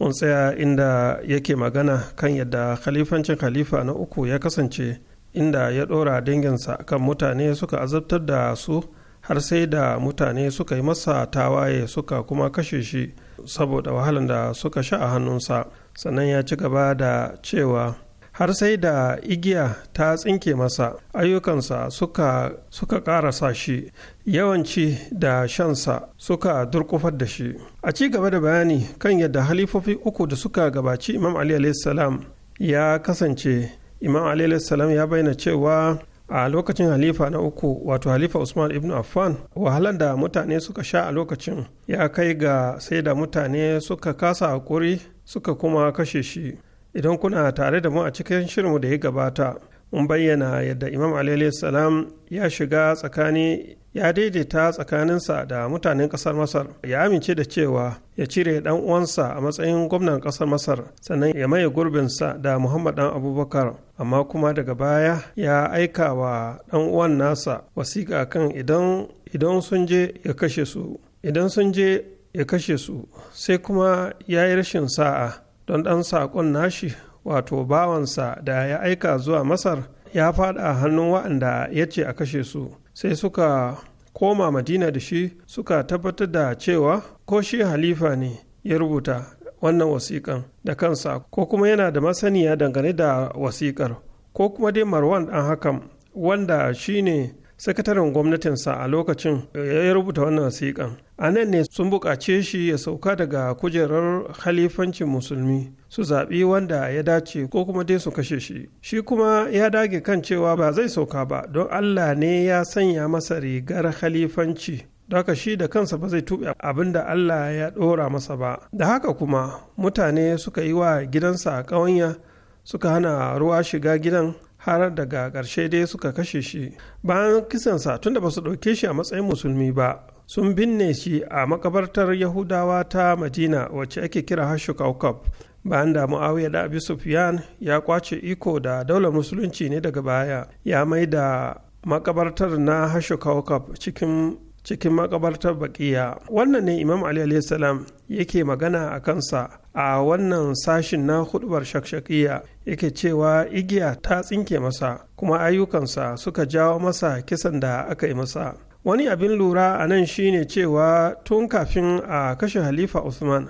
Speaker 1: mun tsaya inda yake magana kan yadda khalifancin khalifa na uku ya kasance inda ya ɗora danginsa kan mutane suka azabtar da su har sai da mutane suka yi masa tawaye suka kuma kashe shi saboda wahalan da suka sha a hannunsa sannan ya ci gaba da cewa har sai da igiya ta tsinke masa ayyukansa suka suka karasa shi yawanci da shansa suka durkufar da shi a ci gaba da bayani kan yadda halifofi uku da suka gabaci imam ali salam ya kasance imam ali salam ya bayyana cewa a lokacin halifa na uku wato halifa usman ibn affan wahalar da mutane suka sha a lokacin ya kai ga sai da mutane suka kasa haƙuri suka kuma kashe shi idan kuna tare da mu a cikin shirinmu da ya gabata mun bayyana yadda imam salam ya shiga tsakani ya daidaita tsakaninsa da mutanen kasar masar ya amince da cewa ya cire dan uwansa a matsayin gwamnan kasar masar sannan ya maye gurbinsa da muhammad dan abubakar amma kuma daga baya ya aika wa dan uwan nasa wasiƙa kan idan idan sun je ya kashe su idan sun je ya kashe su sai kuma ya yi rashin sa'a don ɗan saƙon nashi wato bawansa da ya aika zuwa masar ya faɗa hannun wa'anda ya ce a kashe su sai suka koma madina da shi suka tabbatar da cewa ko shi halifa ne ya rubuta wannan wasiƙan da kansa ko kuma yana da masaniya dangane da wasiƙar ko kuma dai marwan ɗan hakan wanda shi ne sakataren gwamnatinsa a lokacin eh, ya rubuta wannan wasiƙan a nan ne sun buƙace shi ya sauka daga kujerar halifancin musulmi su zaɓi wanda ya dace ko kuma dai su kashe shi shi kuma ya dage kan cewa ba zai sauka ba don allah ne ya sanya masa rigar halifanci haka shi da kansa ba zai tuɓe abin da allah ya ɗora masa ba da haka kuma mutane suka yi wa gidansa ƙawanya suka hana ruwa shiga gidan har daga ƙarshe dai suka kashe shi bayan kisansa tunda ba su ɗauke shi a matsayin musulmi ba sun binne shi a makabartar yahudawa ta madina wacce ake kira hashu kaukab bayan da muawiya da abi sufyan ya kwace iko da daular musulunci ne daga baya ya mai da makabartar na hashu kaukab cikin cikin makabartar baƙiya wannan ne imam ali salam yake magana a kansa a wannan sashin na hudubar shakshakiya yake cewa igiya ta tsinke masa kuma ayyukansa suka jawo masa kisan da aka yi masa wani abin lura a nan shine cewa tun kafin a kashe halifa usman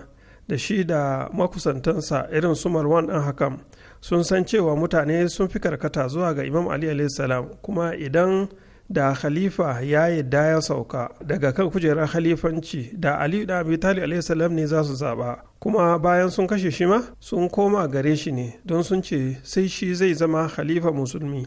Speaker 1: da shi da makusantansa irin su marwan ɗan hakan sun san cewa mutane sun fi karkata zuwa ga imam ali salam kuma idan da khalifa ya yadda ya sauka daga kan kujerar khalifanci da aliyu da abi talib ne za su zaba kuma bayan sun kashe shi ma sun koma gare shi ne don sun ce sai shi zai zama khalifa musulmi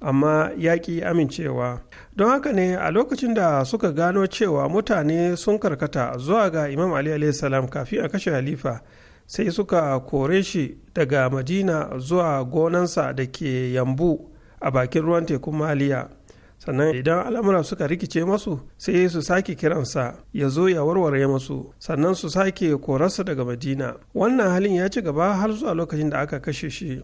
Speaker 1: amma ya ƙi amincewa don haka ne a lokacin da suka gano cewa mutane sun karkata zuwa ga imam ali alaihissalam kafin a kashe halifa sai suka kore shi daga madina zuwa gonansa da ke yambu a bakin ruwan tekun maliya sannan idan al'amura suka rikice masu sai su sake kiransa ya zo ya warware masu sannan su sake korarsa daga madina wannan halin ya ci gaba har zuwa lokacin da aka kashe shi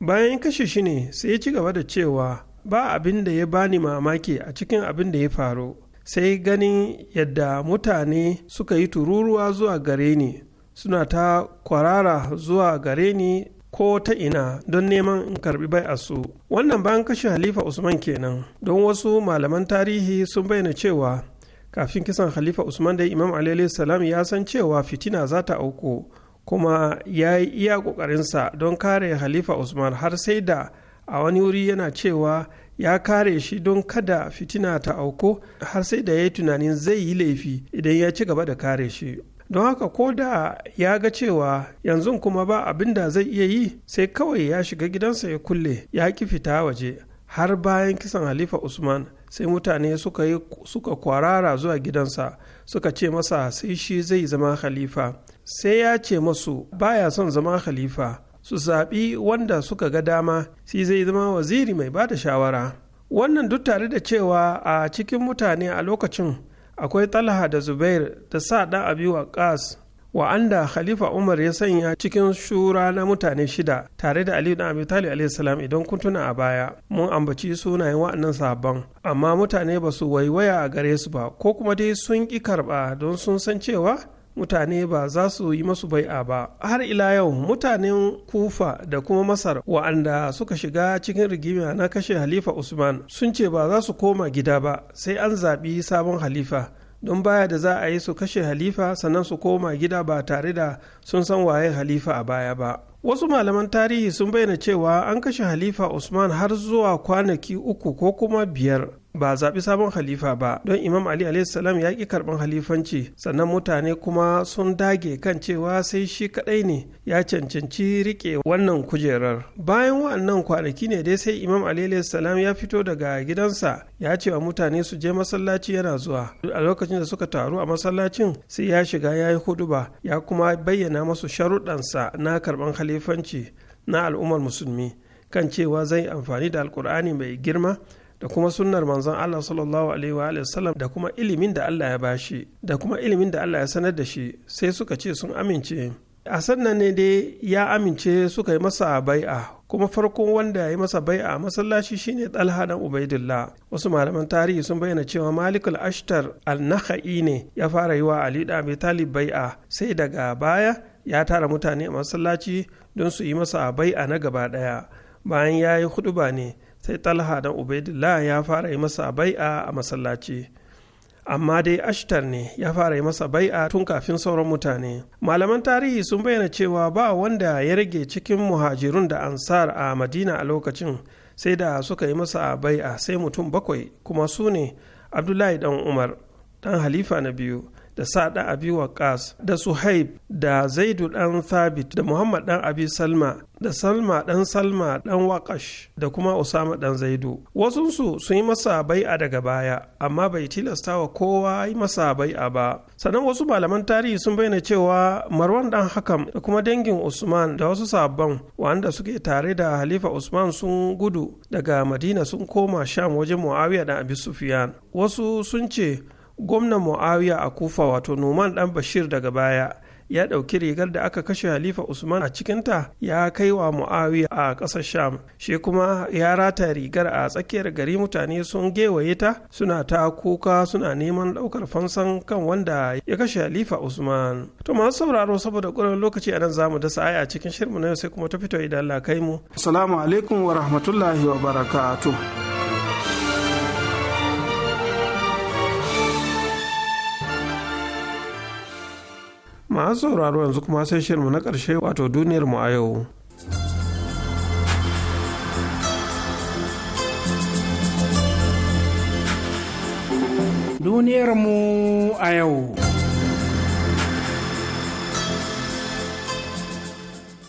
Speaker 1: bayan kashe shi ne sai ya ci gaba da cewa ba abin da ya bani mamaki a cikin abin da ya faru sai ganin yadda mutane suka yi tururuwa zuwa gare ni suna ta kwarara zuwa gare ni ko ta ina don neman in karbi bai su wannan bayan kashe halifa usman kenan don wasu malaman tarihi sun bayyana cewa kafin kisan halifa usman da imam alaihi salam ya san cewa fitina za ta auku kuma ya yi iya ƙoƙarinsa don kare halifa usman har sai da a wani wuri yana cewa ya kare shi don kada fitina ta auko har sai da ya yi tunanin zai yi laifi idan ya ci gaba da kare shi don haka ko da ya ga cewa yanzu kuma ba abin da zai iya yi sai kawai ya shiga gidansa ya kulle ya ki fita waje har bayan kisan halifa usman sai mutane suka yi suka kwarara zuwa gidansa suka ce masa sai shi zai zama khalifa sai ya ce masu baya son zama khalifa su zaɓi wanda suka ga dama sai zai zama waziri mai ba da shawara wannan duk tare da cewa a cikin mutane a lokacin akwai talha da zubair da sa ɗan a ƙas wa'anda khalifa umar ya sanya cikin shura na mutane shida tare da aliyu abi talib alaihissalam idan kun tuna a baya mun ambaci sunayen wa'annan sabon amma mutane ba su waiwaya a gare su ba ko kuma dai sun ƙi karɓa don sun san cewa mutane ba za su yi masu bai'a ba har ila yau mutanen kufa da kuma masar wa'anda suka shiga cikin rigima na kashe halifa usman sun ce ba za su koma gida ba sai an zaɓi sabon halifa don baya da za a yi su kashe halifa sannan su koma gida ba tare da sun san waye halifa a baya ba wasu malaman tarihi sun bayyana cewa an kashe halifa usman har zuwa kwanaki uku ko kuma biyar ba zaɓi sabon halifa ba don imam ali salam ya ƙi karɓar halifanci sannan mutane kuma sun dage kan cewa sai shi kaɗai ne ya cancanci riƙe wannan kujerar bayan wa'annan kwanaki ne dai sai imam ali salam ya fito daga gidansa ya ce wa mutane su je masallaci yana zuwa a lokacin da suka taru a masallacin sai ya shiga ya yi huduba ya kuma bayyana masu sharuɗansa na karɓar halifanci na al'ummar musulmi kan cewa zai amfani da alkur'ani mai girma da kuma sunnar manzon Allah sallallahu alaihi wa sallam da kuma ilimin da Allah ya bashi da kuma ilimin da Allah ya sanar da shi sai suka ce sun amince a sannan ne dai ya amince suka yi masa bai'a kuma farkon wanda ya yi masa bai'a masallaci shine talha dan ubaidillah wasu malaman tarihi sun bayyana cewa malikul ashtar al-nakhai ne ya fara yi wa ali da abi talib bai'a sai daga baya ya tara mutane a masallaci don su yi masa bai'a na gaba daya bayan ya yi huduba ne sai talha da ubaidillah ya fara yi masa bai'a a masallaci amma dai ashtar ne ya fara yi masa bai'a tun kafin sauran mutane malaman tarihi sun bayyana cewa ba wanda ya rage cikin muhajirun da ansar a madina a lokacin sai da suka yi masa bai'a sai mutum bakwai kuma su ne abdullahi dan umar dan halifa na biyu da sa'ad abi waqas da suhaib da zaidu ɗan thabit da muhammad dan abi salma da salma dan salma dan waƙash da kuma usama ɗan zaidu wasunsu sun yi masa bai'a daga baya amma bai tilasta wa kowa yi masa bai'a ba sannan wasu malaman tarihi sun bayyana cewa marwan ɗan hakan da kuma dangin usman da wasu sabon wanda suke tare da halifa usman sun gudu daga madina sun koma sham wajen muawiya da abi sufyan wasu sun ce gwamnan muawiya a kufa wato numan dan bashir daga baya ya ɗauki rigar da aka kashe halifa usman a cikinta ya kai wa muawiya a ƙasar sham shi kuma ya rata rigar a tsakiyar gari mutane sun gewaye ta suna ta kuka suna neman ɗaukar fansan kan wanda ya kashe halifa usman to masu sauraro saboda ƙuran lokaci a nan za mu dasa aya cikin shirmu na yau sai kuma ta fito idan Allah kai mu assalamu alaikum wa rahmatullahi wa barakatuh masu sauraro yanzu kuma sai shirinmu na ƙarshe wato duniyar mu a yau.
Speaker 2: duniyar mu a yau.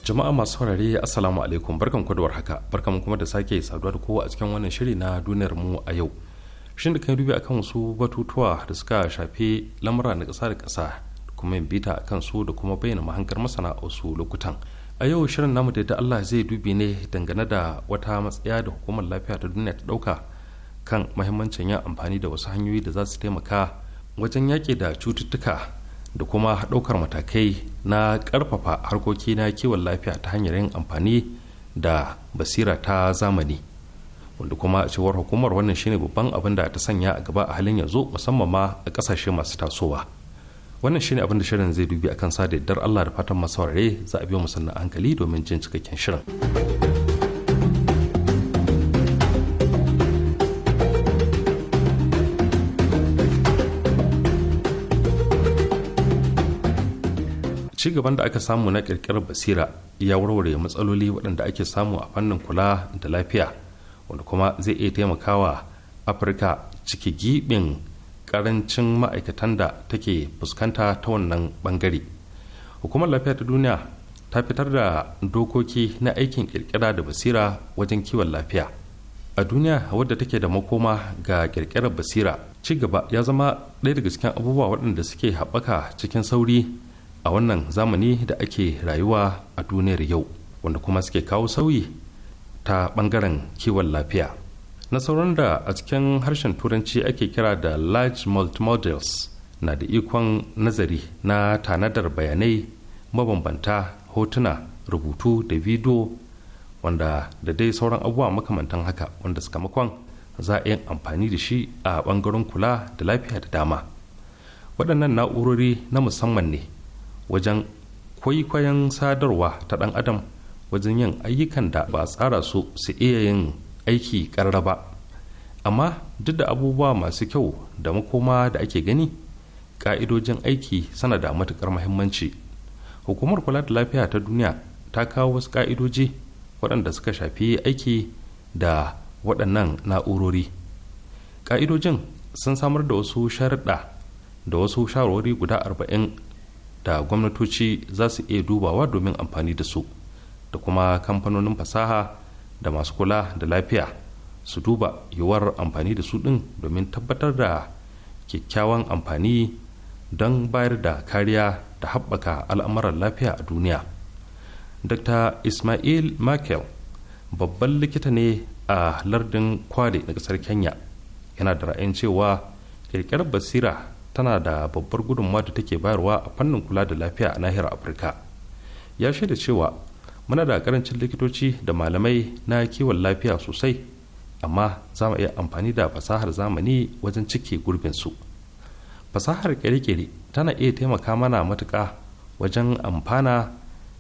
Speaker 4: Jama'a masu saurare Assalamu alaikum barkan ku da warhaka barkan kuma da sake saduwa da kowa a cikin wannan shiri na duniyar mu a yau. Shin da kan dubi akan wasu batutuwa da suka shafe lamura na kasa da kasa. kuma yin bita a kansu da kuma bayyana mahangar masana a wasu lokutan a yau shirin namu da Allah zai dubi ne dangane da wata matsaya da hukumar lafiya ta duniya ta dauka kan mahimmancin yin amfani da wasu hanyoyi da za su taimaka wajen yaƙi da cututtuka da kuma ɗaukar matakai na ƙarfafa harkoki na kiwon lafiya ta hanyar yin amfani da basira ta zamani wanda kuma a cewar hukumar wannan shine babban abin da ta sanya a gaba a halin yanzu musamman ma a ƙasashe masu tasowa. wannan shine abin da shirin zai dubi akan sa da yardar Allah da fatan masu saurare za a biyo musanna hankali domin jin cikakken shirin ci gaban da aka samu na kirkirar basira ya warware matsaloli waɗanda ake samu a fannin kula da lafiya wanda kuma zai iya taimakawa afirka ciki giɓin karancin ma'aikatan da take fuskanta ta wannan bangare hukumar lafiya ta duniya ta fitar da dokoki na aikin kirkira da basira wajen kiwon lafiya a duniya wadda take da makoma ga kirkirar basira ci gaba ya zama ɗaya daga cikin abubuwa waɗanda suke haɓaka cikin sauri a wannan zamani da ake rayuwa a duniyar yau wanda kuma suke kawo sauyi ta ɓangaren kiwon lafiya na sauran da a cikin harshen turanci ake kira da large multimodals na da ikon nazari na tanadar bayanai mabambanta hotuna rubutu da bidiyo wanda da dai sauran abubuwa makamantan haka wanda suka makon za a yin amfani da shi a bangaren kula da lafiya da dama waɗannan na'urori na musamman ne wajen kwaikwayon sadarwa ta ɗan adam wajen yin ayyukan da ba a tsara su su iya yin aiki ƙarraba amma duk da abubuwa masu kyau da makoma da ake gani ƙa'idojin aiki sana da matuƙar mahimmanci hukumar kula da lafiya ta duniya ta kawo wasu ƙa'idoji waɗanda suka shafi aiki da waɗannan na'urori ƙa'idojin sun samar da wasu sharaɗa da wasu shawarwari guda arba'in da gwamnatoci za su iya dubawa domin amfani da su da kuma kamfanonin fasaha da masu kula da lafiya su duba yiwuwar amfani da su ɗin domin tabbatar da kyakkyawan amfani don bayar da kariya da haɓaka al'amuran lafiya a duniya dr ismail makel babban likita ne a lardin kwale na ƙasar kenya yana da ra'ayin cewa kirkirar basira tana da babbar gudunmawa da take bayarwa a fannin kula da lafiya a nahiyar afirka ya shaida cewa muna da karancin likitoci da malamai na kiwon lafiya sosai amma za mu iya amfani da fasahar zamani wajen cike gurbinsu fasahar kere-kere tana iya taimaka mana matuƙa wajen amfana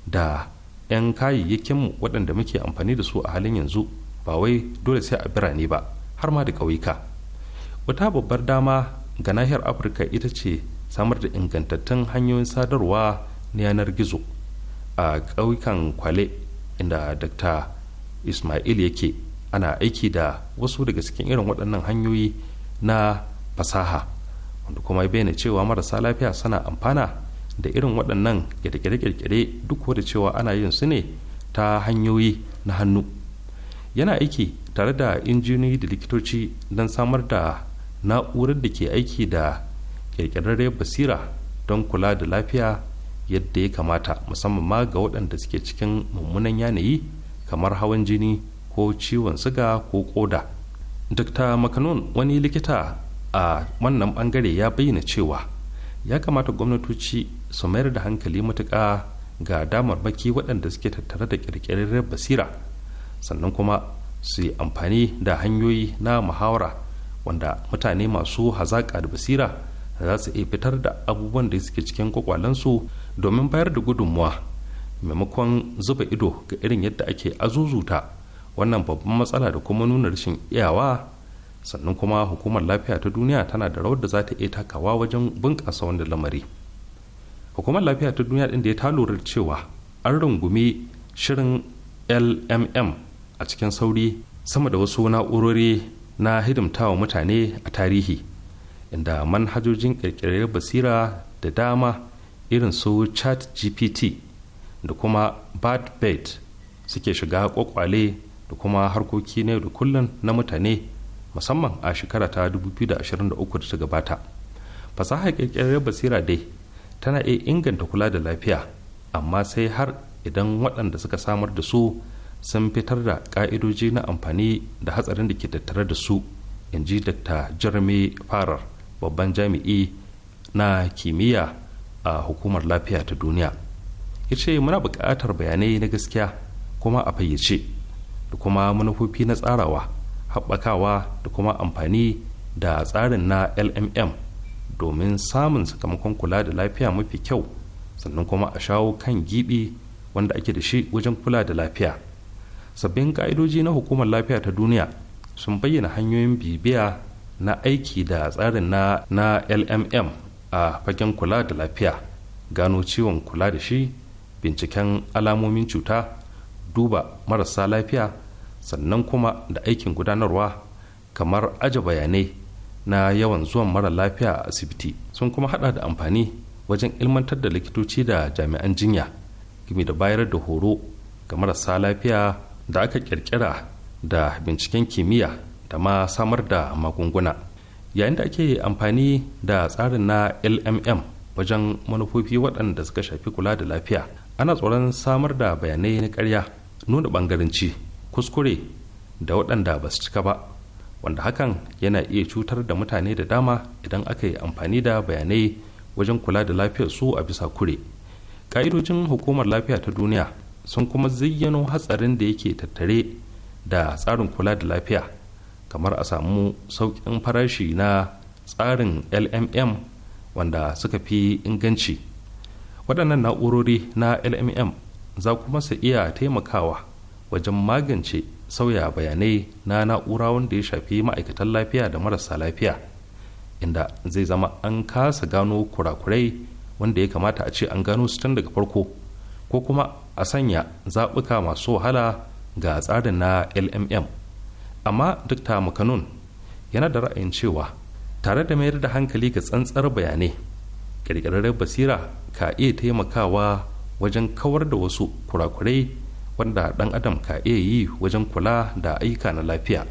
Speaker 4: da 'yan kayayyakinmu waɗanda muke amfani da su a halin yanzu ba wai dole sai a birane ba har ma da ƙauyuka wata babbar dama ga nahiyar afirka ita ce samar da ingantattun hanyoyin sadarwa na yanar gizo a ƙauyukan kwale inda dr ismail yake ana aiki da wasu daga cikin irin waɗannan hanyoyi na fasaha wanda kuma bayyana cewa marasa lafiya suna amfana da irin waɗannan ƙirƙire-ƙirƙire duk da cewa ana yin su ne ta hanyoyi na hannu yana aiki tare da injiniyoyi da likitoci don samar da na'urar da ke aiki da ƙirƙirarren basira don kula da lafiya yadda ya kamata musamman ma ga waɗanda suke cikin mummunan yanayi kamar hawan jini ko ciwon siga ko ƙoda. dr makanon wani likita a wannan bangare ya bayyana cewa ya kamata gwamnatoci su mayar da hankali matuƙa ga damar baki waɗanda suke tattare da ƙirƙirar basira sannan kuma su yi amfani da hanyoyi na muhawara wanda mutane masu hazaƙa da basira za su iya fitar da abubuwan da suke cikin kwakwalensu domin bayar da gudunmuwa maimakon zuba ido ga irin yadda ake azuzuta wannan babban matsala da kuma nuna rashin iyawa sannan kuma hukumar lafiya ta duniya tana da rawar da za ta iya takawa wajen bunƙasa wanda lamari hukumar lafiya ta duniya ɗin da ya ta lura cewa an rungumi shirin lmm a cikin sauri sama da wasu na'urori na hidimtawa mutane a tarihi inda manhajojin ƙirƙirar basira da dama irin su chat gpt da kuma bad bed suke shiga kwakwale da kuma harkoki yau da kullum na mutane musamman a shekara ta 2023 da ta gabata fasahar kirkirar basira dai tana iya inganta kula da lafiya amma sai har idan waɗanda suka samar da su sun fitar da ƙa'idoji na amfani da hatsarin da ke tattare da su in ji dr jeremy farar babban jami'i na kimiyya a hukumar lafiya ta duniya ya ce muna buƙatar bayanai na gaskiya kuma a fayyace da kuma manufofi na tsarawa haɓakawa da kuma amfani da tsarin na lmm domin samun sakamakon kula da lafiya mafi kyau sannan kuma a shawo kan giɓi wanda ake da shi wajen kula da lafiya sabbin ƙa'idoji na hukumar lafiya ta duniya sun bayyana hanyoyin bibiya na aiki da tsarin na, na lmm a fagen kula da lafiya gano ciwon kula da shi binciken alamomin cuta duba marasa lafiya sannan kuma da aikin gudanarwa kamar aje bayanai na yawan zuwan mara lafiya a asibiti sun kuma hada da amfani wajen ilmantar da likitoci da jami'an jinya game da bayar da horo ga marasa lafiya da aka kirkira da binciken kimiyya da ma samar da magunguna yayin da ake amfani da tsarin na lmm wajen manufofi waɗanda suka shafi kula da lafiya ana tsoron samar da bayanai na karya nuna ɓangaranci kuskure da waɗanda ba su cika ba wanda hakan yana iya cutar da mutane da dama idan aka yi amfani da bayanai wajen kula da lafiyar su a bisa kure ƙa'idojin hukumar lafiya ta duniya sun kuma zayyano hatsarin da yake tattare da tsarin kula da lafiya kamar a samu sauƙin farashi na tsarin lmm wanda suka fi inganci waɗannan na'urori na lmm za kuma su iya taimakawa wajen magance sauya bayanai na na'ura wanda ya shafi ma'aikatan lafiya da marasa lafiya inda zai zama an kasa gano kurakurai wanda ya kamata a ce an gano su tun daga farko ko kuma a sanya zaɓuka masu wahala ga tsarin na lmm amma duk ta makanun yana da ra'ayin cewa tare da mayar da hankali ga tsantsar bayanai ƙirƙirarren basira ka iya taimakawa wajen kawar da wasu kurakurai wanda ɗan adam ka iya yi wajen kula da ayyuka na lafiya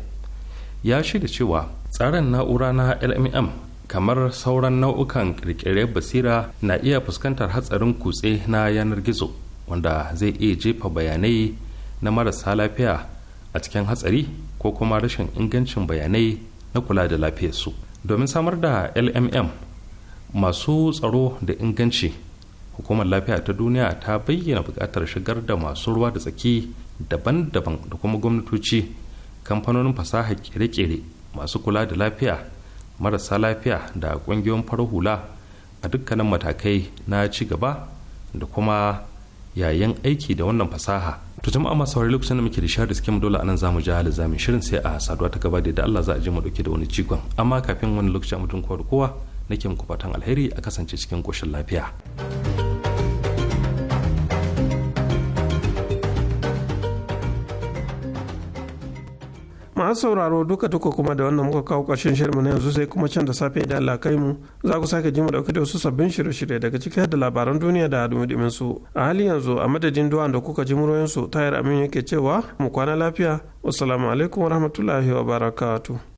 Speaker 4: ya shirya cewa tsarin na'ura na lmm kamar sauran nau'ukan ƙirƙirar basira na iya fuskantar hatsarin kutse na yanar gizo wanda zai iya jefa bayanai na marasa lafiya a cikin hatsari ko kuma rashin ingancin bayanai na kula da lafiyarsu domin samar da lmm masu tsaro da inganci hukumar lafiya ta duniya ta bayyana buƙatar shigar da masu ruwa da tsaki daban-daban da kuma gwamnatoci kamfanonin fasaha kere-kere masu kula da lafiya marasa lafiya da ƙungiyoyin farar hula a dukkanin matakai na ci gaba da kuma yayin aiki da wannan fasaha to jama'a masu saurari lokacin da muke da share suke mu dole anan za mu ji da za shirin sai a saduwa ta gaba da yadda Allah za a je mu dauke da wani cikon amma kafin wani lokaci a mutum kowa da kowa nake muku fatan alheri a kasance cikin koshin lafiya.
Speaker 1: masu sauraro duka duka kuma da wannan muka kawo ƙarshen shirinmu na yanzu sai kuma can da safe idan Allah kai mu za ku sake ji mu dauke da wasu sabbin shirye-shirye daga cikin da labaran duniya da dumudumin su a hali yanzu a madadin duwa da kuka ji muryoyin su tayar amin yake cewa mu kwana lafiya wassalamu alaikum warahmatullahi wabarakatuh